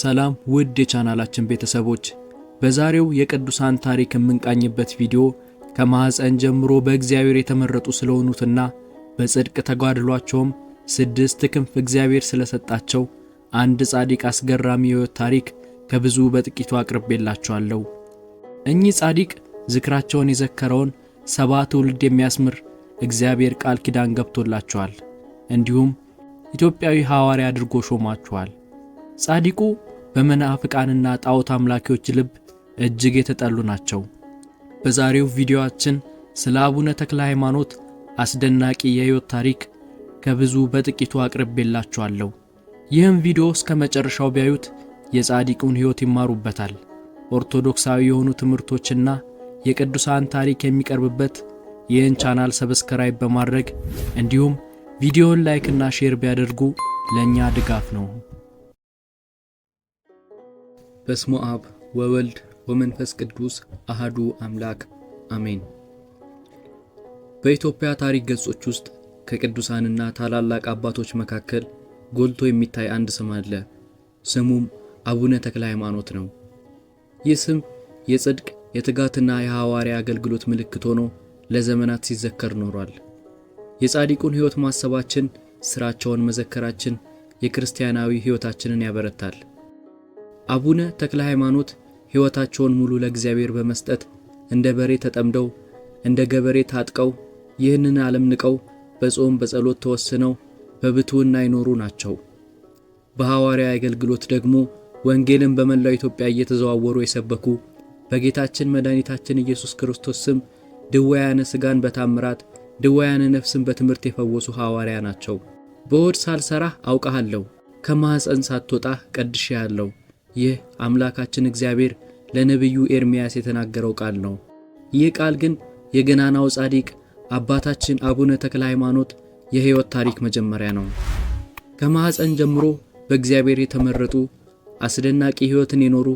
ሰላም ውድ የቻናላችን ቤተሰቦች፣ በዛሬው የቅዱሳን ታሪክ የምንቃኝበት ቪዲዮ ከማኅፀን ጀምሮ በእግዚአብሔር የተመረጡ ስለሆኑትና በጽድቅ ተጓድሏቸውም ስድስት ክንፍ እግዚአብሔር ስለሰጣቸው አንድ ጻድቅ አስገራሚ የሕይወት ታሪክ ከብዙ በጥቂቱ አቅርቤላችኋለሁ። እኚህ ጻድቅ ዝክራቸውን የዘከረውን ሰባ ትውልድ የሚያስምር እግዚአብሔር ቃል ኪዳን ገብቶላቸዋል፣ እንዲሁም ኢትዮጵያዊ ሐዋርያ አድርጎ ሾሟቸዋል። ጻድቁ በመናፍቃንና ጣዖት አምላኪዎች ልብ እጅግ የተጠሉ ናቸው። በዛሬው ቪዲዮአችን ስለ አቡነ ተክለ ሃይማኖት አስደናቂ የሕይወት ታሪክ ከብዙ በጥቂቱ አቅርቤላችኋለሁ። ይህም ቪዲዮ እስከ መጨረሻው ቢያዩት የጻድቁን ሕይወት ይማሩበታል። ኦርቶዶክሳዊ የሆኑ ትምህርቶችና የቅዱሳን ታሪክ የሚቀርብበት ይህን ቻናል ሰብስክራይብ በማድረግ እንዲሁም ቪዲዮውን ላይክና ሼር ቢያደርጉ ለእኛ ድጋፍ ነው። በስሙ አብ ወወልድ ወመንፈስ ቅዱስ አህዱ አምላክ አሜን። በኢትዮጵያ ታሪክ ገጾች ውስጥ ከቅዱሳንና ታላላቅ አባቶች መካከል ጎልቶ የሚታይ አንድ ስም አለ። ስሙም አቡነ ተክለ ሃይማኖት ነው። ይህ ስም የጽድቅ የትጋትና የሐዋርያ አገልግሎት ምልክት ሆኖ ለዘመናት ሲዘከር ኖሯል። የጻድቁን ሕይወት ማሰባችን፣ ሥራቸውን መዘከራችን የክርስቲያናዊ ሕይወታችንን ያበረታል። አቡነ ተክለ ሃይማኖት ሕይወታቸውን ሙሉ ለእግዚአብሔር በመስጠት እንደ በሬ ተጠምደው እንደ ገበሬ ታጥቀው ይህንን ዓለም ንቀው በጾም በጸሎት ተወስነው በብትውና ይኖሩ ናቸው። በሐዋርያ አገልግሎት ደግሞ ወንጌልን በመላው ኢትዮጵያ እየተዘዋወሩ የሰበኩ በጌታችን መድኃኒታችን ኢየሱስ ክርስቶስ ስም ድውያነ ሥጋን በታምራት ድውያነ ነፍስን በትምህርት የፈወሱ ሐዋርያ ናቸው። በሆድ ሳልሰራህ አውቀሃለሁ፣ ከማኅፀን ሳትወጣህ ቀድሼሃለሁ ይህ አምላካችን እግዚአብሔር ለነቢዩ ኤርምያስ የተናገረው ቃል ነው። ይህ ቃል ግን የገናናው ጻድቅ አባታችን አቡነ ተክለ ሃይማኖት የሕይወት ታሪክ መጀመሪያ ነው። ከማኅፀን ጀምሮ በእግዚአብሔር የተመረጡ አስደናቂ ሕይወትን የኖሩ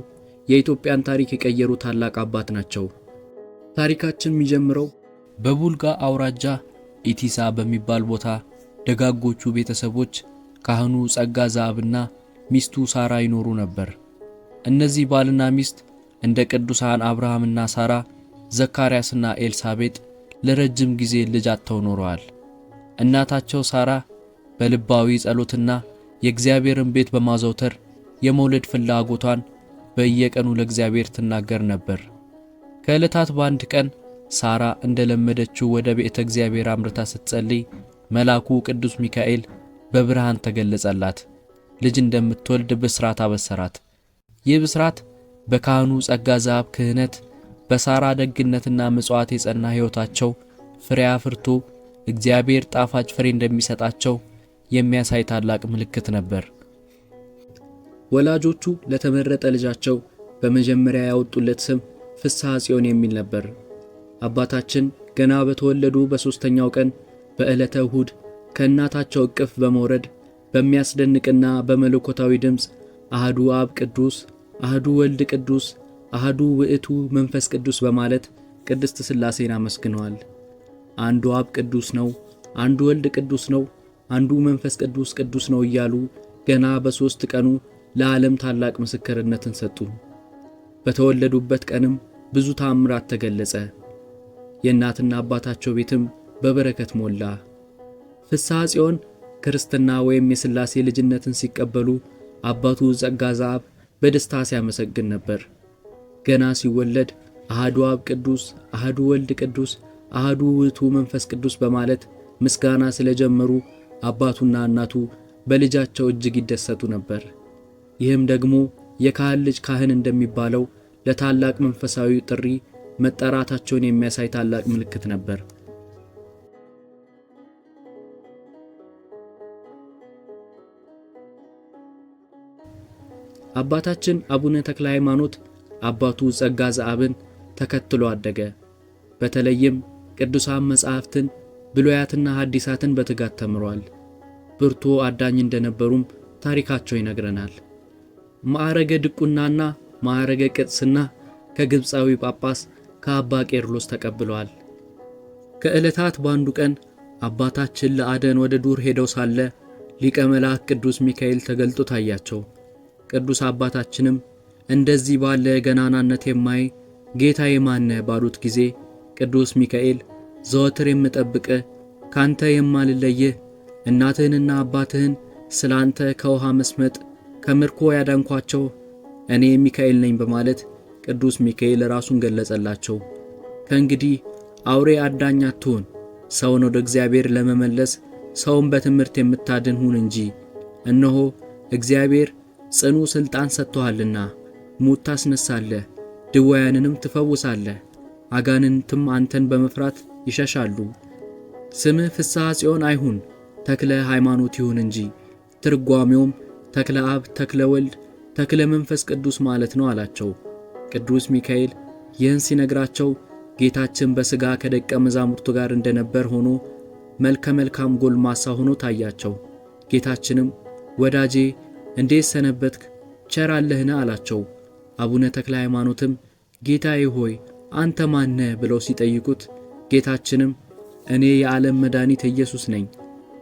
የኢትዮጵያን ታሪክ የቀየሩ ታላቅ አባት ናቸው። ታሪካችን የሚጀምረው በቡልጋ አውራጃ ኢቲሳ በሚባል ቦታ ደጋጎቹ ቤተሰቦች ካህኑ ጸጋ ዛብና ሚስቱ ሳራ ይኖሩ ነበር። እነዚህ ባልና ሚስት እንደ ቅዱሳን አብርሃምና ሳራ፣ ዘካርያስና ኤልሳቤጥ ለረጅም ጊዜ ልጅ አጥተው ኖረዋል። እናታቸው ሳራ በልባዊ ጸሎትና የእግዚአብሔርን ቤት በማዘውተር የመውለድ ፍላጎቷን በየቀኑ ለእግዚአብሔር ትናገር ነበር። ከዕለታት በአንድ ቀን ሳራ እንደለመደችው ወደ ቤተ እግዚአብሔር አምርታ ስትጸልይ መልአኩ ቅዱስ ሚካኤል በብርሃን ተገለጸላት። ልጅ እንደምትወልድ ብስራት አበሰራት። ይህ ብስራት በካህኑ ጸጋ ዘአብ ክህነት በሳራ ደግነትና ምጽዋት የጸና ሕይወታቸው ፍሬ አፍርቶ እግዚአብሔር ጣፋጭ ፍሬ እንደሚሰጣቸው የሚያሳይ ታላቅ ምልክት ነበር። ወላጆቹ ለተመረጠ ልጃቸው በመጀመሪያ ያወጡለት ስም ፍስሐ ጽዮን የሚል ነበር። አባታችን ገና በተወለዱ በሦስተኛው ቀን በዕለተ እሁድ ከእናታቸው እቅፍ በመውረድ በሚያስደንቅና በመለኮታዊ ድምፅ አህዱ አብ ቅዱስ፣ አህዱ ወልድ ቅዱስ፣ አህዱ ውእቱ መንፈስ ቅዱስ በማለት ቅድስት ሥላሴን አመስግነዋል። አንዱ አብ ቅዱስ ነው፣ አንዱ ወልድ ቅዱስ ነው፣ አንዱ መንፈስ ቅዱስ ቅዱስ ነው እያሉ ገና በሦስት ቀኑ ለዓለም ታላቅ ምስክርነትን ሰጡ። በተወለዱበት ቀንም ብዙ ታምራት ተገለጸ። የእናትና አባታቸው ቤትም በበረከት ሞላ። ፍስሐ ጽዮን ክርስትና ወይም የሥላሴ ልጅነትን ሲቀበሉ አባቱ ጸጋ ዘአብ በደስታ ሲያመሰግን ነበር። ገና ሲወለድ አሃዱ አብ ቅዱስ፣ አሃዱ ወልድ ቅዱስ፣ አሃዱ ውእቱ መንፈስ ቅዱስ በማለት ምስጋና ስለጀመሩ አባቱና እናቱ በልጃቸው እጅግ ይደሰቱ ነበር። ይህም ደግሞ የካህን ልጅ ካህን እንደሚባለው ለታላቅ መንፈሳዊ ጥሪ መጠራታቸውን የሚያሳይ ታላቅ ምልክት ነበር። አባታችን አቡነ ተክለ ሃይማኖት አባቱ ጸጋ ዘአብን ተከትሎ አደገ። በተለይም ቅዱሳን መጻሕፍትን ብሉያትና ሐዲሳትን በትጋት ተምሯል። ብርቱ አዳኝ እንደነበሩም ታሪካቸው ይነግረናል። ማዕረገ ድቁናና ማዕረገ ቅድስና ከግብፃዊ ጳጳስ ከአባ ቄርሎስ ተቀብለዋል። ከዕለታት በአንዱ ቀን አባታችን ለአደን ወደ ዱር ሄደው ሳለ ሊቀ መልአክ ቅዱስ ሚካኤል ተገልጦ ታያቸው። ቅዱስ አባታችንም እንደዚህ ባለ ገናናነት የማይ ጌታዬ የማነ ባሉት ጊዜ ቅዱስ ሚካኤል ዘወትር የምጠብቅ ካንተ የማልለይህ እናትህንና አባትህን ስለ አንተ ከውሃ መስመጥ ከምርኮ ያዳንኳቸው እኔ ሚካኤል ነኝ በማለት ቅዱስ ሚካኤል ራሱን ገለጸላቸው። ከእንግዲህ አውሬ አዳኝ አትሁን፣ ሰውን ወደ እግዚአብሔር ለመመለስ ሰውን በትምህርት የምታድን ሁን እንጂ እነሆ እግዚአብሔር ጽኑ ሥልጣን ሰጥቶሃልና ሙት ታስነሳለህ፣ ድወያንንም ትፈውሳለህ። አጋንንትም አንተን በመፍራት ይሸሻሉ። ስምህ ፍስሐ ጽዮን አይሁን ተክለ ሃይማኖት ይሁን እንጂ ትርጓሜውም ተክለ አብ፣ ተክለ ወልድ፣ ተክለ መንፈስ ቅዱስ ማለት ነው አላቸው። ቅዱስ ሚካኤል ይህን ሲነግራቸው ጌታችን በሥጋ ከደቀ መዛሙርቱ ጋር እንደነበር ሆኖ መልከ መልካም ጎልማሳ ሆኖ ታያቸው። ጌታችንም ወዳጄ እንዴት ሰነበትክ? ቸር አለህን? አላቸው። አቡነ ተክለ ሃይማኖትም ጌታዬ ሆይ አንተ ማነህ? ብለው ሲጠይቁት ጌታችንም እኔ የዓለም መድኃኒት ኢየሱስ ነኝ።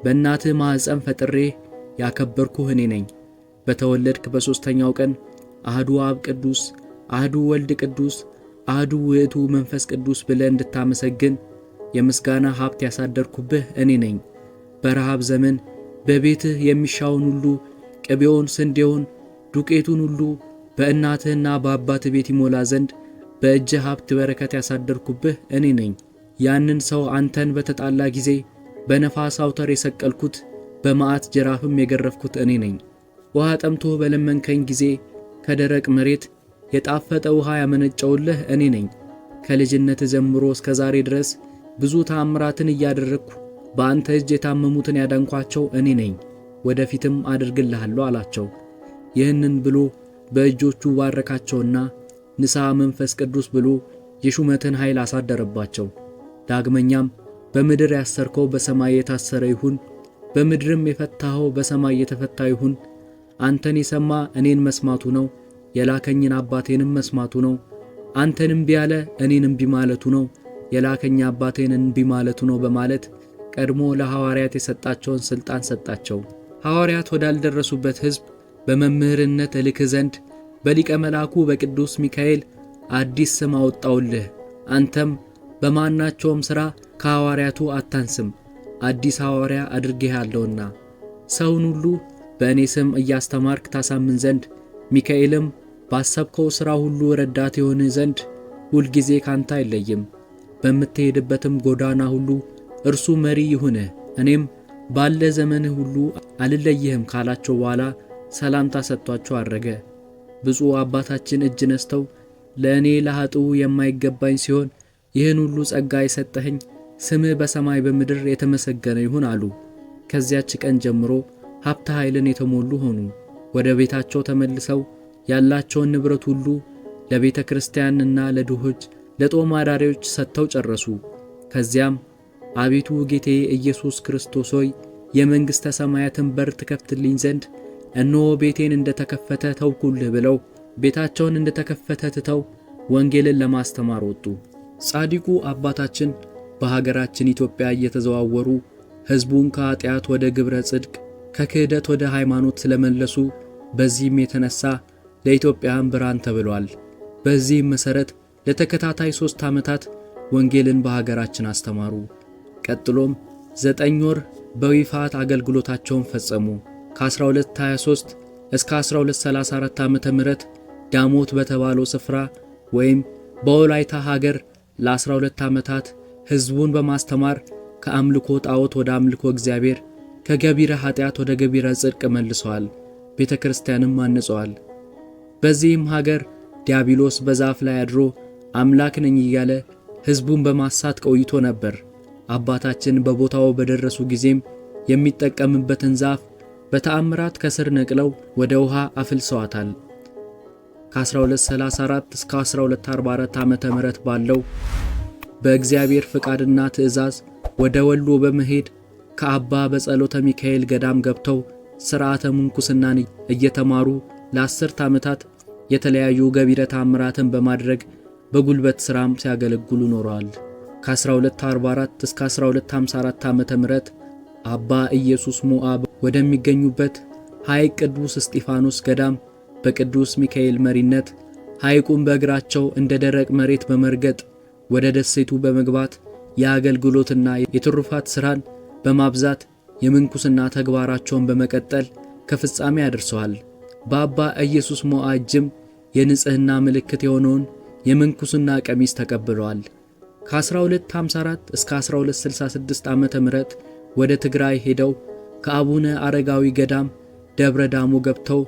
በእናትህ ማኅፀን ፈጥሬ ያከበርኩህ እኔ ነኝ። በተወለድክ በሦስተኛው ቀን አህዱ አብ ቅዱስ፣ አህዱ ወልድ ቅዱስ፣ አህዱ ውእቱ መንፈስ ቅዱስ ብለ እንድታመሰግን የምስጋና ሀብት ያሳደርኩብህ እኔ ነኝ። በረሃብ ዘመን በቤትህ የሚሻውን ሁሉ ቅቤውን፣ ስንዴውን፣ ዱቄቱን ሁሉ በእናትህና በአባት ቤት ይሞላ ዘንድ በእጅህ ሀብት በረከት ያሳደርኩብህ እኔ ነኝ። ያንን ሰው አንተን በተጣላ ጊዜ በነፋስ አውታር የሰቀልኩት በመዓት ጅራፍም የገረፍኩት እኔ ነኝ። ውሃ ጠምቶ በለመንከኝ ጊዜ ከደረቅ መሬት የጣፈጠ ውሃ ያመነጨውልህ እኔ ነኝ። ከልጅነት ጀምሮ እስከ ዛሬ ድረስ ብዙ ታምራትን እያደረግኩ በአንተ እጅ የታመሙትን ያዳንኳቸው እኔ ነኝ። ወደፊትም አድርግልሃለሁ አላቸው። ይህንን ብሎ በእጆቹ ባረካቸውና ንስሐ መንፈስ ቅዱስ ብሎ የሹመትን ኃይል አሳደረባቸው። ዳግመኛም በምድር ያሰርከው በሰማይ የታሰረ ይሁን፣ በምድርም የፈታኸው በሰማይ የተፈታ ይሁን። አንተን የሰማ እኔን መስማቱ ነው፣ የላከኝን አባቴንም መስማቱ ነው። አንተን እምቢ ያለ እኔን እምቢ ማለቱ ነው፣ የላከኝ አባቴን እምቢ ማለቱ ነው በማለት ቀድሞ ለሐዋርያት የሰጣቸውን ሥልጣን ሰጣቸው። ሐዋርያት ወዳልደረሱበት ሕዝብ በመምህርነት እልክህ ዘንድ በሊቀ መልአኩ በቅዱስ ሚካኤል አዲስ ስም አወጣውልህ። አንተም በማናቸውም ሥራ ከሐዋርያቱ አታንስም፣ አዲስ ሐዋርያ አድርጌሃለሁና ሰውን ሁሉ በእኔ ስም እያስተማርክ ታሳምን ዘንድ ሚካኤልም ባሰብከው ሥራ ሁሉ ረዳት የሆንህ ዘንድ ሁልጊዜ ካንተ አይለይም። በምትሄድበትም ጎዳና ሁሉ እርሱ መሪ ይሁንህ። እኔም ባለ ዘመንህ ሁሉ አልለየህም ካላቸው በኋላ ሰላምታ ሰጥቷቸው አረገ። ብፁዕ አባታችን እጅ ነስተው ለእኔ ለኃጥኡ የማይገባኝ ሲሆን ይህን ሁሉ ጸጋ የሰጠኸኝ ስምህ በሰማይ በምድር የተመሰገነ ይሁን አሉ። ከዚያች ቀን ጀምሮ ሀብተ ኃይልን የተሞሉ ሆኑ። ወደ ቤታቸው ተመልሰው ያላቸውን ንብረት ሁሉ ለቤተ ክርስቲያንና ለድሆች ለጦም አዳሪዎች ሰጥተው ጨረሱ። ከዚያም አቤቱ ጌቴ ኢየሱስ ክርስቶስ ሆይ የመንግሥተ ሰማያትን በር ትከፍትልኝ ዘንድ እነሆ ቤቴን እንደተከፈተ ተውኩልህ ብለው ቤታቸውን እንደተከፈተ ትተው ወንጌልን ለማስተማር ወጡ። ጻድቁ አባታችን በሀገራችን ኢትዮጵያ እየተዘዋወሩ ሕዝቡን ከአጥያት ወደ ግብረ ጽድቅ ከክህደት ወደ ሃይማኖት ስለመለሱ በዚህም የተነሳ ለኢትዮጵያን ብርሃን ተብሏል። በዚህም መሠረት ለተከታታይ ሦስት ዓመታት ወንጌልን በሀገራችን አስተማሩ። ቀጥሎም ዘጠኝ ወር በዊፋት አገልግሎታቸውን ፈጸሙ። ከ1223 እስከ 1234 ም ዳሞት በተባለው ስፍራ ወይም በወላይታ ሀገር ለ12 ዓመታት ሕዝቡን በማስተማር ከአምልኮ ጣዖት ወደ አምልኮ እግዚአብሔር ከገቢረ ኃጢአት ወደ ገቢረ ጽድቅ መልሰዋል። ቤተ ክርስቲያንም አንጸዋል። በዚህም ሀገር ዲያብሎስ በዛፍ ላይ አድሮ አምላክ ነኝ እያለ ሕዝቡን በማሳት ቆይቶ ነበር። አባታችን በቦታው በደረሱ ጊዜም የሚጠቀምበትን ዛፍ በተአምራት ከስር ነቅለው ወደ ውሃ አፍልሰዋታል። ከ1234 እስከ 1244 ዓ ም ባለው በእግዚአብሔር ፍቃድና ትእዛዝ ወደ ወሎ በመሄድ ከአባ በጸሎተ ሚካኤል ገዳም ገብተው ሥርዓተ ምንኩስናን እየተማሩ ለአስርት ዓመታት የተለያዩ ገቢረ ተአምራትን በማድረግ በጉልበት ሥራም ሲያገለግሉ ኖረዋል። ከ1244 እስከ 1254 ዓመተ ምህረት አባ ኢየሱስ ሞዓ ወደሚገኙበት ሐይቅ ቅዱስ እስጢፋኖስ ገዳም በቅዱስ ሚካኤል መሪነት ሐይቁን በእግራቸው እንደ ደረቅ መሬት በመርገጥ ወደ ደሴቱ በመግባት የአገልግሎትና የትሩፋት ሥራን በማብዛት የምንኩስና ተግባራቸውን በመቀጠል ከፍጻሜ አድርሰዋል። በአባ ኢየሱስ ሞዓ እጅም የንጽሕና ምልክት የሆነውን የምንኩስና ቀሚስ ተቀብለዋል። ከ1254 እስከ 1266 ዓመተ ምህረት ወደ ትግራይ ሄደው ከአቡነ አረጋዊ ገዳም ደብረ ዳሞ ገብተው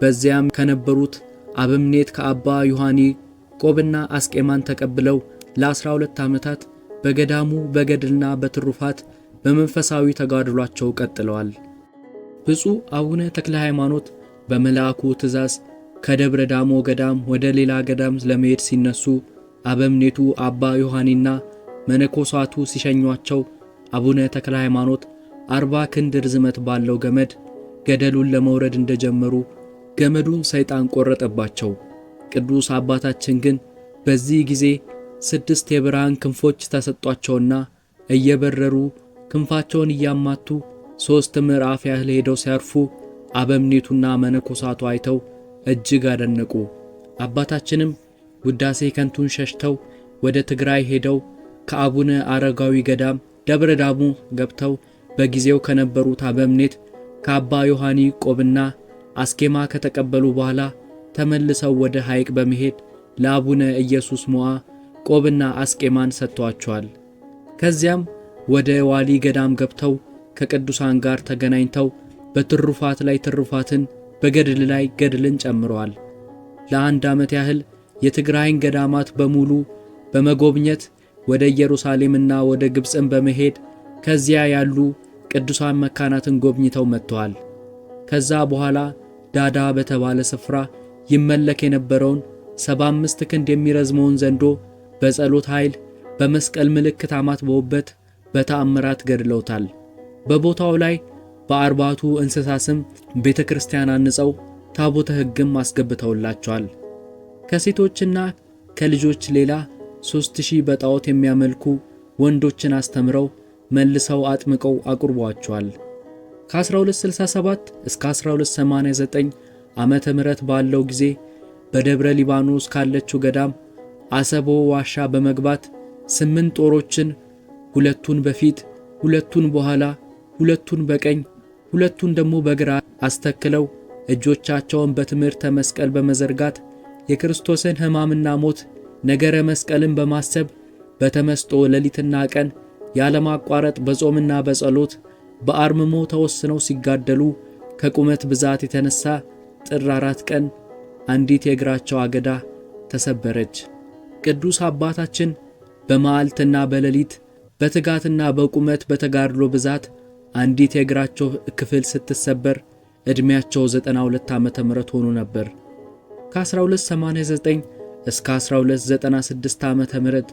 በዚያም ከነበሩት አበምኔት ከአባ ዮሐኒ ቆብና አስቄማን ተቀብለው ለ12 ዓመታት በገዳሙ በገድልና በትሩፋት በመንፈሳዊ ተጋድሏቸው ቀጥለዋል። ብፁዕ አቡነ ተክለ ሃይማኖት በመልአኩ ትእዛዝ ከደብረ ዳሞ ገዳም ወደ ሌላ ገዳም ለመሄድ ሲነሱ አበምኔቱ አባ ዮሐኒና መነኮሳቱ ሲሸኟቸው አቡነ ተክለ ሃይማኖት አርባ ክንድ ርዝመት ባለው ገመድ ገደሉን ለመውረድ እንደጀመሩ ገመዱን ሰይጣን ቆረጠባቸው። ቅዱስ አባታችን ግን በዚህ ጊዜ ስድስት የብርሃን ክንፎች ተሰጧቸውና እየበረሩ ክንፋቸውን እያማቱ ሦስት ምዕራፍ ያህል ሄደው ሲያርፉ አበምኔቱና መነኮሳቱ አይተው እጅግ አደነቁ። አባታችንም ውዳሴ ከንቱን ሸሽተው ወደ ትግራይ ሄደው ከአቡነ አረጋዊ ገዳም ደብረ ዳሙ ገብተው በጊዜው ከነበሩት አበምኔት ከአባ ዮሐኒ ቆብና አስኬማ ከተቀበሉ በኋላ ተመልሰው ወደ ሐይቅ በመሄድ ለአቡነ ኢየሱስ ሞዓ ቆብና አስቄማን ሰጥቷቸዋል። ከዚያም ወደ ዋሊ ገዳም ገብተው ከቅዱሳን ጋር ተገናኝተው በትሩፋት ላይ ትሩፋትን፣ በገድል ላይ ገድልን ጨምረዋል። ለአንድ ዓመት ያህል የትግራይን ገዳማት በሙሉ በመጎብኘት ወደ ኢየሩሳሌምና ወደ ግብፅም በመሄድ ከዚያ ያሉ ቅዱሳን መካናትን ጎብኝተው መጥተዋል። ከዛ በኋላ ዳዳ በተባለ ስፍራ ይመለክ የነበረውን ሰባ አምስት ክንድ የሚረዝመውን ዘንዶ በጸሎት ኃይል በመስቀል ምልክት አማትበውበት በተአምራት ገድለውታል። በቦታው ላይ በአርባቱ እንስሳ ስም ቤተ ክርስቲያን አንጸው ታቦተ ሕግም አስገብተውላቸዋል። ከሴቶችና ከልጆች ሌላ ሦስት ሺህ በጣዖት የሚያመልኩ ወንዶችን አስተምረው መልሰው አጥምቀው አቁርቧቸዋል። ከ1267 እስከ 1289 ዓመተ ምህረት ባለው ጊዜ በደብረ ሊባኖስ ካለችው ገዳም አሰቦ ዋሻ በመግባት ስምንት ጦሮችን ሁለቱን በፊት ሁለቱን በኋላ ሁለቱን በቀኝ ሁለቱን ደግሞ በግራ አስተክለው እጆቻቸውን በትምህርተ መስቀል በመዘርጋት የክርስቶስን ሕማምና ሞት ነገረ መስቀልን በማሰብ በተመስጦ ሌሊትና ቀን ያለማቋረጥ በጾምና በጸሎት በአርምሞ ተወስነው ሲጋደሉ ከቁመት ብዛት የተነሳ ጥር አራት ቀን አንዲት የእግራቸው አገዳ ተሰበረች። ቅዱስ አባታችን በመዓልትና በሌሊት በትጋትና በቁመት በተጋድሎ ብዛት አንዲት የእግራቸው ክፍል ስትሰበር ዕድሜያቸው 92 ዓመተ ምህረት ሆኖ ነበር። ከ1289 እስከ 1296 ዓመተ ምህረት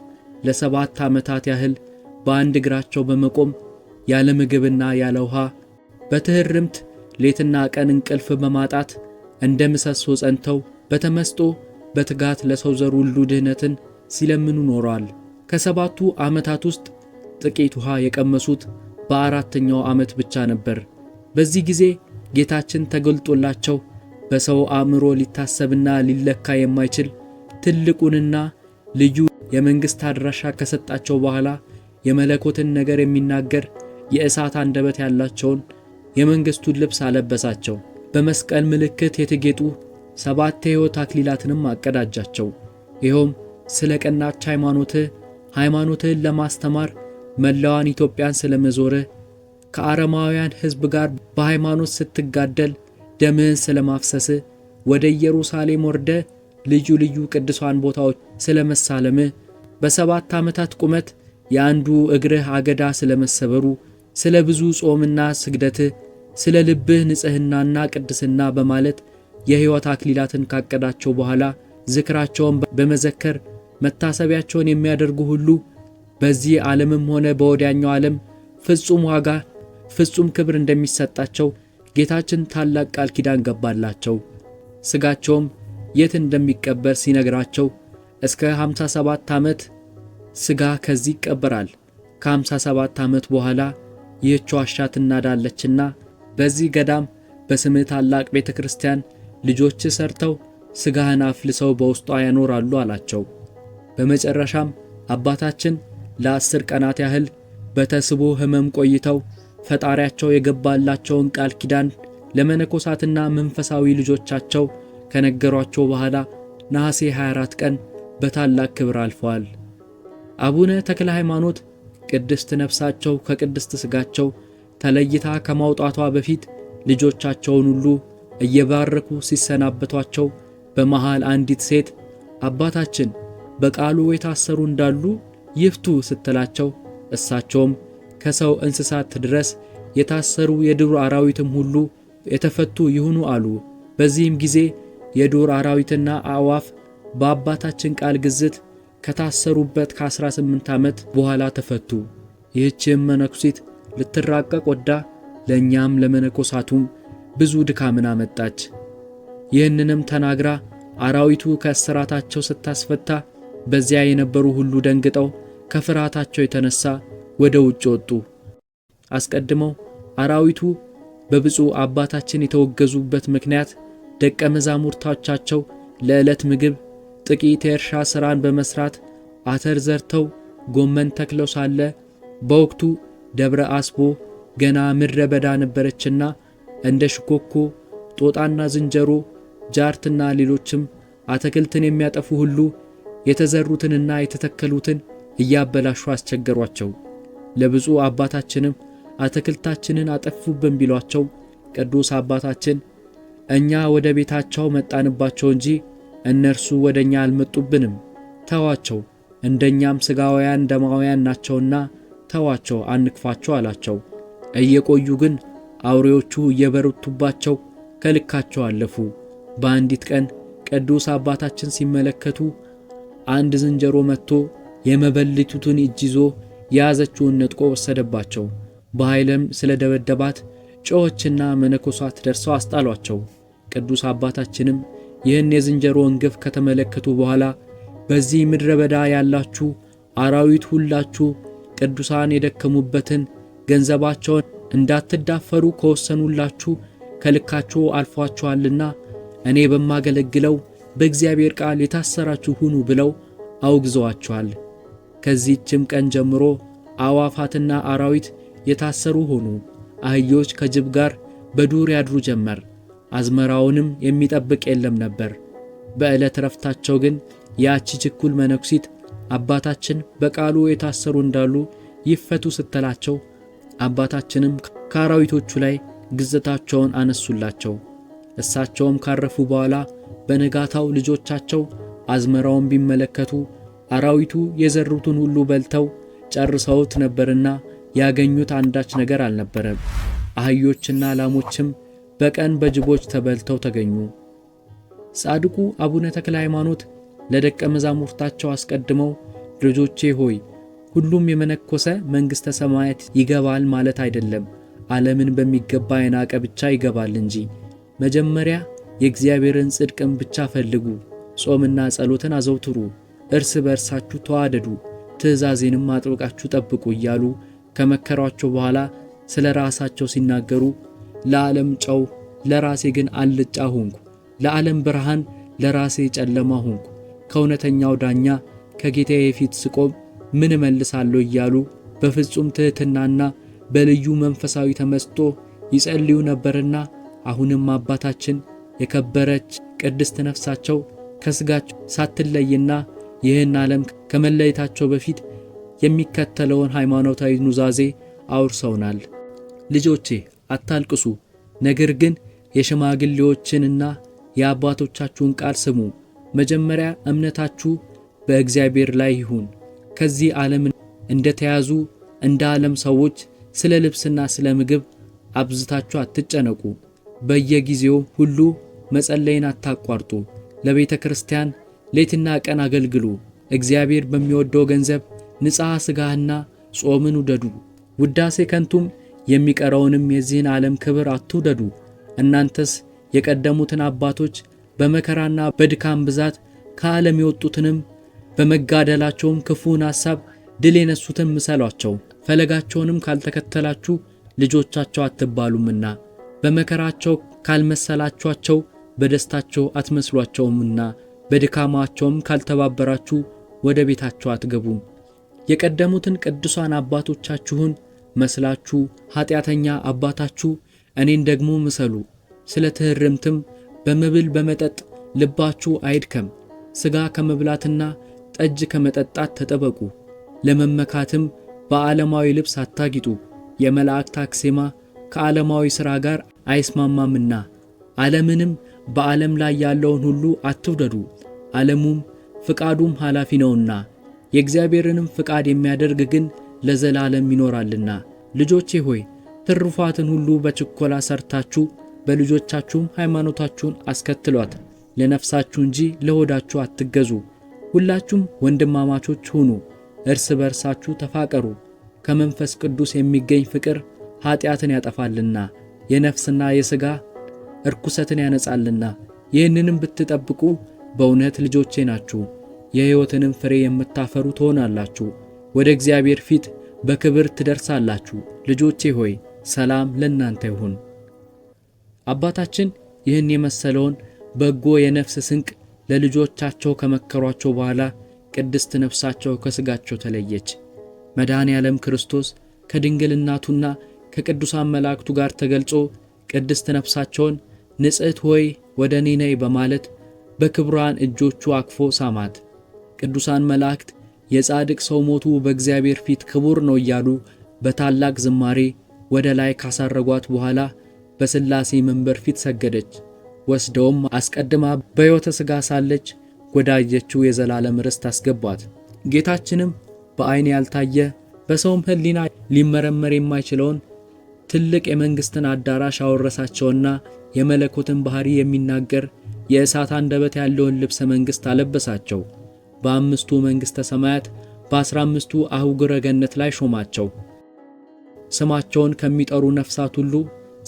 ለሰባት ዓመታት ያህል በአንድ እግራቸው በመቆም ያለ ምግብና ያለ ውሃ በትህርምት ሌትና ቀን እንቅልፍ በማጣት እንደ ምሰሶ ጸንተው በተመስጦ በትጋት ለሰው ዘር ሁሉ ድህነትን ሲለምኑ ኖረዋል። ከሰባቱ ዓመታት ውስጥ ጥቂት ውሃ የቀመሱት በአራተኛው ዓመት ብቻ ነበር። በዚህ ጊዜ ጌታችን ተገልጦላቸው በሰው አእምሮ ሊታሰብና ሊለካ የማይችል ትልቁንና ልዩ የመንግሥት አድራሻ ከሰጣቸው በኋላ የመለኮትን ነገር የሚናገር የእሳት አንደበት ያላቸውን የመንግሥቱን ልብስ አለበሳቸው። በመስቀል ምልክት የተጌጡ ሰባት የሕይወት አክሊላትንም አቀዳጃቸው። ይኸውም ስለ ቀናች ሃይማኖትህ ሃይማኖትህን ለማስተማር መላዋን ኢትዮጵያን ስለመዞርህ ከአረማውያን ሕዝብ ጋር በሃይማኖት ስትጋደል ደምህን ስለ ማፍሰስህ ወደ ኢየሩሳሌም ወርደ ልዩ ልዩ ቅዱሳን ቦታዎች ስለ መሳለምህ በሰባት ዓመታት ቁመት የአንዱ እግርህ አገዳ ስለ መሰበሩ ስለ ብዙ ጾምና ስግደትህ ስለ ልብህ ንጽሕናና ቅድስና በማለት የሕይወት አክሊላትን ካቀዳቸው በኋላ ዝክራቸውን በመዘከር መታሰቢያቸውን የሚያደርጉ ሁሉ በዚህ ዓለምም ሆነ በወዲያኛው ዓለም ፍጹም ዋጋ ፍጹም ክብር እንደሚሰጣቸው ጌታችን ታላቅ ቃል ኪዳን ገባላቸው። ሥጋቸውም የት እንደሚቀበር ሲነግራቸው እስከ 57 ዓመት ሥጋ ከዚህ ይቀበራል፣ ከ57 ዓመት በኋላ ይህች ዋሻ ትናዳለችና በዚህ ገዳም በስምህ ታላቅ ቤተ ክርስቲያን ልጆች ሰርተው ሥጋህን አፍልሰው በውስጧ ያኖራሉ አላቸው። በመጨረሻም አባታችን ለአስር ቀናት ያህል በተስቦ ሕመም ቆይተው ፈጣሪያቸው የገባላቸውን ቃል ኪዳን ለመነኮሳትና መንፈሳዊ ልጆቻቸው ከነገሯቸው በኋላ ነሐሴ 24 ቀን በታላቅ ክብር አልፈዋል። አቡነ ተክለ ሃይማኖት ቅድስት ነፍሳቸው ከቅድስት ሥጋቸው ተለይታ ከማውጣቷ በፊት ልጆቻቸውን ሁሉ እየባረኩ ሲሰናበቷቸው በመሃል አንዲት ሴት አባታችን በቃሉ የታሰሩ እንዳሉ ይፍቱ ስትላቸው እሳቸውም ከሰው እንስሳት ድረስ የታሰሩ የዱር አራዊትም ሁሉ የተፈቱ ይሁኑ አሉ። በዚህም ጊዜ የዱር አራዊትና አዕዋፍ በአባታችን ቃል ግዝት ከታሰሩበት ከ18 ዓመት በኋላ ተፈቱ። ይህችም መነኩሴት ልትራቀቅ ወዳ ለእኛም ለመነኮሳቱም ብዙ ድካምን አመጣች። ይህንንም ተናግራ አራዊቱ ከእስራታቸው ስታስፈታ በዚያ የነበሩ ሁሉ ደንግጠው ከፍርሃታቸው የተነሳ ወደ ውጭ ወጡ። አስቀድመው አራዊቱ በብፁዕ አባታችን የተወገዙበት ምክንያት ደቀ መዛሙርቶቻቸው ለዕለት ምግብ ጥቂት የእርሻ ሥራን በመስራት አተር ዘርተው ጎመን ተክለው ሳለ በወቅቱ ደብረ አስቦ ገና ምድረ በዳ ነበረችና እንደ ሽኮኮ፣ ጦጣና ዝንጀሮ፣ ጃርትና ሌሎችም አትክልትን የሚያጠፉ ሁሉ የተዘሩትንና የተተከሉትን እያበላሹ አስቸገሯቸው። ለብፁዕ አባታችንም አትክልታችንን አጠፉብን ቢሏቸው ቅዱስ አባታችን እኛ ወደ ቤታቸው መጣንባቸው እንጂ እነርሱ ወደ እኛ አልመጡብንም፣ ተዋቸው፣ እንደኛም ሥጋውያን ደማውያን ናቸውና ተዋቸው፣ አንክፋቸው አላቸው። እየቆዩ ግን አውሬዎቹ እየበረቱባቸው ከልካቸው አለፉ። በአንዲት ቀን ቅዱስ አባታችን ሲመለከቱ አንድ ዝንጀሮ መጥቶ የመበለቲቱን እጅ ይዞ የያዘችውን ነጥቆ ወሰደባቸው። በኃይልም ስለ ደበደባት ጨዎችና መነኮሳት ደርሰው አስጣሏቸው። ቅዱስ አባታችንም ይህን የዝንጀሮ እንግፍ ከተመለከቱ በኋላ በዚህ ምድረ በዳ ያላችሁ አራዊት ሁላችሁ ቅዱሳን የደከሙበትን ገንዘባቸውን እንዳትዳፈሩ ከወሰኑላችሁ ከልካችሁ አልፏችኋልና እኔ በማገለግለው በእግዚአብሔር ቃል የታሰራችሁ ሁኑ ብለው አውግዘዋችኋል። ከዚህችም ቀን ጀምሮ አዋፋትና አራዊት የታሰሩ ሆኑ። አህዮች ከጅብ ጋር በዱር ያድሩ ጀመር። አዝመራውንም የሚጠብቅ የለም ነበር። በዕለት ረፍታቸው ግን ያቺ ችኩል መነኩሲት አባታችን በቃሉ የታሰሩ እንዳሉ ይፈቱ ስትላቸው አባታችንም ከአራዊቶቹ ላይ ግዝታቸውን አነሱላቸው። እሳቸውም ካረፉ በኋላ በንጋታው ልጆቻቸው አዝመራውን ቢመለከቱ አራዊቱ የዘሩትን ሁሉ በልተው ጨርሰውት ነበርና ያገኙት አንዳች ነገር አልነበረም። አህዮችና ላሞችም በቀን በጅቦች ተበልተው ተገኙ። ጻድቁ አቡነ ተክለ ሃይማኖት ለደቀ መዛሙርታቸው አስቀድመው ልጆቼ ሆይ ሁሉም የመነኮሰ መንግሥተ ሰማያት ይገባል ማለት አይደለም፣ ዓለምን በሚገባ የናቀ ብቻ ይገባል እንጂ መጀመሪያ የእግዚአብሔርን ጽድቅን ብቻ ፈልጉ፣ ጾምና ጸሎትን አዘውትሩ እርስ በእርሳችሁ ተዋደዱ፣ ትእዛዜንም አጥብቃችሁ ጠብቁ እያሉ ከመከሯቸው በኋላ ስለ ራሳቸው ሲናገሩ ለዓለም ጨው ለራሴ ግን አልጫ ሆንኩ፣ ለዓለም ብርሃን ለራሴ ጨለማ ሆንኩ፣ ከእውነተኛው ዳኛ ከጌታዬ ፊት ስቆም ምን እመልሳለሁ እያሉ በፍጹም ትሕትናና በልዩ መንፈሳዊ ተመስጦ ይጸልዩ ነበርና አሁንም አባታችን የከበረች ቅድስት ነፍሳቸው ከስጋቸው ሳትለይና ይህን ዓለም ከመለየታቸው በፊት የሚከተለውን ሃይማኖታዊ ኑዛዜ አውርሰውናል። ልጆቼ አታልቅሱ፣ ነገር ግን የሽማግሌዎችንና የአባቶቻችሁን ቃል ስሙ። መጀመሪያ እምነታችሁ በእግዚአብሔር ላይ ይሁን። ከዚህ ዓለም እንደተያዙ እንደ ዓለም ሰዎች ስለ ልብስና ስለ ምግብ አብዝታችሁ አትጨነቁ። በየጊዜው ሁሉ መጸለይን አታቋርጡ። ለቤተ ክርስቲያን ሌትና ቀን አገልግሉ። እግዚአብሔር በሚወደው ገንዘብ ንጽሐ ሥጋህና ጾምን ውደዱ። ውዳሴ ከንቱም የሚቀረውንም የዚህን ዓለም ክብር አትውደዱ። እናንተስ የቀደሙትን አባቶች በመከራና በድካም ብዛት ከዓለም የወጡትንም በመጋደላቸውም ክፉውን ሐሳብ ድል የነሱትን ምሰሏቸው። ፈለጋቸውንም ካልተከተላችሁ ልጆቻቸው አትባሉምና በመከራቸው ካልመሰላችኋቸው በደስታቸው አትመስሏቸውምና በድካማቸውም ካልተባበራችሁ ወደ ቤታቸው አትገቡም። የቀደሙትን ቅዱሳን አባቶቻችሁን መስላችሁ ኃጢአተኛ አባታችሁ እኔን ደግሞ ምሰሉ። ስለ ትሕርምትም በመብል በመጠጥ ልባችሁ አይድከም። ሥጋ ከመብላትና ጠጅ ከመጠጣት ተጠበቁ። ለመመካትም በዓለማዊ ልብስ አታጊጡ፣ የመላእክት አክሴማ ከዓለማዊ ሥራ ጋር አይስማማምና ዓለምንም በዓለም ላይ ያለውን ሁሉ አትውደዱ፣ ዓለሙም ፍቃዱም ኃላፊ ነውና የእግዚአብሔርንም ፍቃድ የሚያደርግ ግን ለዘላለም ይኖራልና። ልጆቼ ሆይ ትሩፋትን ሁሉ በችኮላ ሰርታችሁ በልጆቻችሁም ሃይማኖታችሁን አስከትሏት፣ ለነፍሳችሁ እንጂ ለሆዳችሁ አትገዙ። ሁላችሁም ወንድማማቾች ሁኑ፣ እርስ በርሳችሁ ተፋቀሩ። ከመንፈስ ቅዱስ የሚገኝ ፍቅር ኀጢአትን ያጠፋልና የነፍስና የሥጋ እርኩሰትን ያነጻልና ይህንንም ብትጠብቁ በእውነት ልጆቼ ናችሁ፣ የሕይወትንም ፍሬ የምታፈሩ ትሆናላችሁ፣ ወደ እግዚአብሔር ፊት በክብር ትደርሳላችሁ። ልጆቼ ሆይ ሰላም ለእናንተ ይሁን። አባታችን ይህን የመሰለውን በጎ የነፍስ ስንቅ ለልጆቻቸው ከመከሯቸው በኋላ ቅድስት ነፍሳቸው ከሥጋቸው ተለየች። መድኃኔ ዓለም ክርስቶስ ከድንግል እናቱና ከቅዱሳን መላእክቱ ጋር ተገልጾ ቅድስት ነፍሳቸውን ንጽሕት ሆይ ወደ እኔ ነይ በማለት በክብሯን እጆቹ አቅፎ ሳማት። ቅዱሳን መላእክት የጻድቅ ሰው ሞቱ በእግዚአብሔር ፊት ክቡር ነው እያሉ በታላቅ ዝማሬ ወደ ላይ ካሳረጓት በኋላ በሥላሴ መንበር ፊት ሰገደች። ወስደውም አስቀድማ በሕይወተ ሥጋ ሳለች ወዳየችው የዘላለም ርስት አስገቧት። ጌታችንም በአይን ያልታየ በሰውም ሕሊና ሊመረመር የማይችለውን ትልቅ የመንግሥትን አዳራሽ አወረሳቸውና የመለኮትን ባህሪ የሚናገር የእሳት አንደበት ያለውን ልብሰ መንግሥት አለበሳቸው። በአምስቱ መንግሥተ ሰማያት በአስራ አምስቱ አህጉረ ገነት ላይ ሾማቸው። ስማቸውን ከሚጠሩ ነፍሳት ሁሉ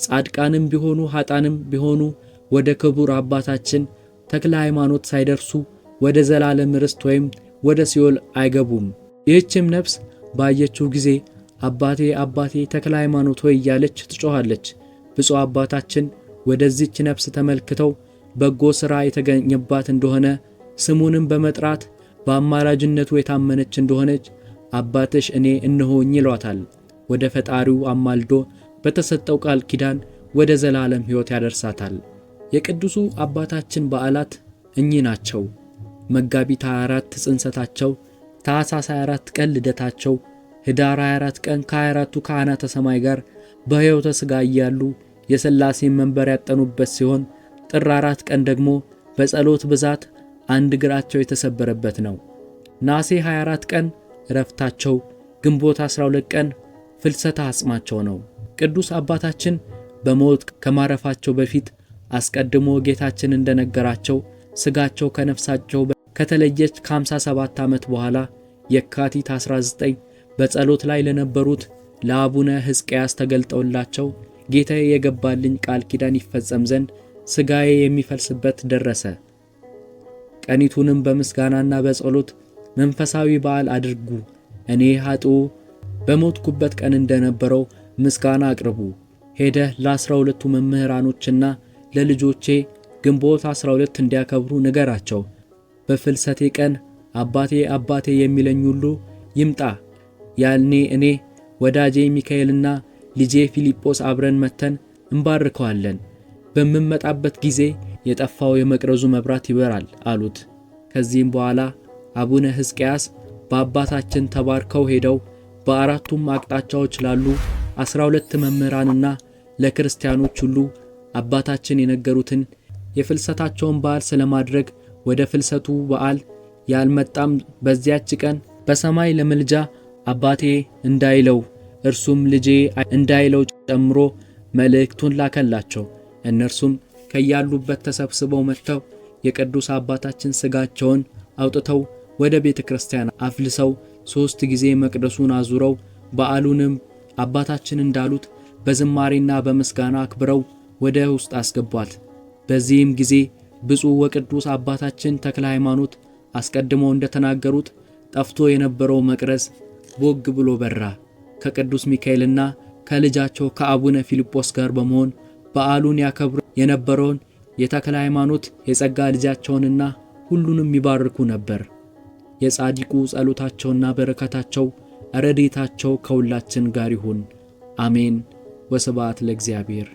ጻድቃንም ቢሆኑ ኀጣንም ቢሆኑ ወደ ክቡር አባታችን ተክለ ሃይማኖት ሳይደርሱ ወደ ዘላለም ርስት ወይም ወደ ሲኦል አይገቡም። ይህችም ነፍስ ባየችው ጊዜ አባቴ አባቴ ተክለ ሃይማኖት ሆይ እያለች ትጮኻለች። ብፁዕ አባታችን ወደዚች ነፍስ ተመልክተው በጎ ሥራ የተገኘባት እንደሆነ ስሙንም በመጥራት በአማላጅነቱ የታመነች እንደሆነች አባትሽ እኔ እነሆኝ ይሏታል። ወደ ፈጣሪው አማልዶ በተሰጠው ቃል ኪዳን ወደ ዘላለም ሕይወት ያደርሳታል። የቅዱሱ አባታችን በዓላት እኚህ ናቸው። መጋቢት 24 ጽንሰታቸው፣ ታኅሳስ 24 ቀን ልደታቸው፣ ኅዳር 24 ቀን ከ24ቱ ካህናተ ሰማይ ጋር በሕይወተ ሥጋ እያሉ የሥላሴን መንበር ያጠኑበት ሲሆን ጥር አራት ቀን ደግሞ በጸሎት ብዛት አንድ እግራቸው የተሰበረበት ነው። ነሐሴ 24 ቀን እረፍታቸው፣ ግንቦት 12 ቀን ፍልሰታ አጽማቸው ነው። ቅዱስ አባታችን በሞት ከማረፋቸው በፊት አስቀድሞ ጌታችን እንደነገራቸው ስጋቸው ከነፍሳቸው ከተለየች ከ57 ዓመት በኋላ የካቲት 19 በጸሎት ላይ ለነበሩት ለአቡነ ሕዝቅያስ ተገልጠውላቸው ጌታዬ የገባልኝ ቃል ኪዳን ይፈጸም ዘንድ ሥጋዬ የሚፈልስበት ደረሰ። ቀኒቱንም በምስጋናና በጸሎት መንፈሳዊ በዓል አድርጉ። እኔ ኃጥኡ በሞትኩበት ቀን እንደነበረው ምስጋና አቅርቡ። ሄደህ ለአስራ ሁለቱ መምህራኖችና ለልጆቼ ግንቦት 12 እንዲያከብሩ ንገራቸው። በፍልሰቴ ቀን አባቴ አባቴ የሚለኝ ሁሉ ይምጣ። ያልኔ እኔ ወዳጄ ሚካኤልና ልጄ ፊልጶስ አብረን መተን እንባርከዋለን፣ በምንመጣበት ጊዜ የጠፋው የመቅረዙ መብራት ይበራል አሉት። ከዚህም በኋላ አቡነ ሕዝቅያስ በአባታችን ተባርከው ሄደው በአራቱም አቅጣጫዎች ላሉ ዐሥራ ሁለት መምህራንና ለክርስቲያኖች ሁሉ አባታችን የነገሩትን የፍልሰታቸውን በዓል ስለማድረግ ወደ ፍልሰቱ በዓል ያልመጣም በዚያች ቀን በሰማይ ለምልጃ አባቴ እንዳይለው እርሱም ልጄ እንዳይለው ጨምሮ መልእክቱን ላከላቸው። እነርሱም ከያሉበት ተሰብስበው መጥተው የቅዱስ አባታችን ሥጋቸውን አውጥተው ወደ ቤተ ክርስቲያን አፍልሰው ሦስት ጊዜ መቅደሱን አዙረው በዓሉንም አባታችን እንዳሉት በዝማሬና በምስጋና አክብረው ወደ ውስጥ አስገቧት። በዚህም ጊዜ ብፁዕ ወቅዱስ አባታችን ተክለ ሃይማኖት አስቀድመው እንደተናገሩት ጠፍቶ የነበረው መቅረዝ ቦግ ብሎ በራ። ከቅዱስ ሚካኤልና ከልጃቸው ከአቡነ ፊልጶስ ጋር በመሆን በዓሉን ያከብሩ የነበረውን የተክለ ሃይማኖት የጸጋ ልጃቸውንና ሁሉንም ይባርኩ ነበር። የጻድቁ ጸሎታቸውና በረከታቸው ረድኤታቸው ከሁላችን ጋር ይሁን፣ አሜን። ወስብሐት ለእግዚአብሔር።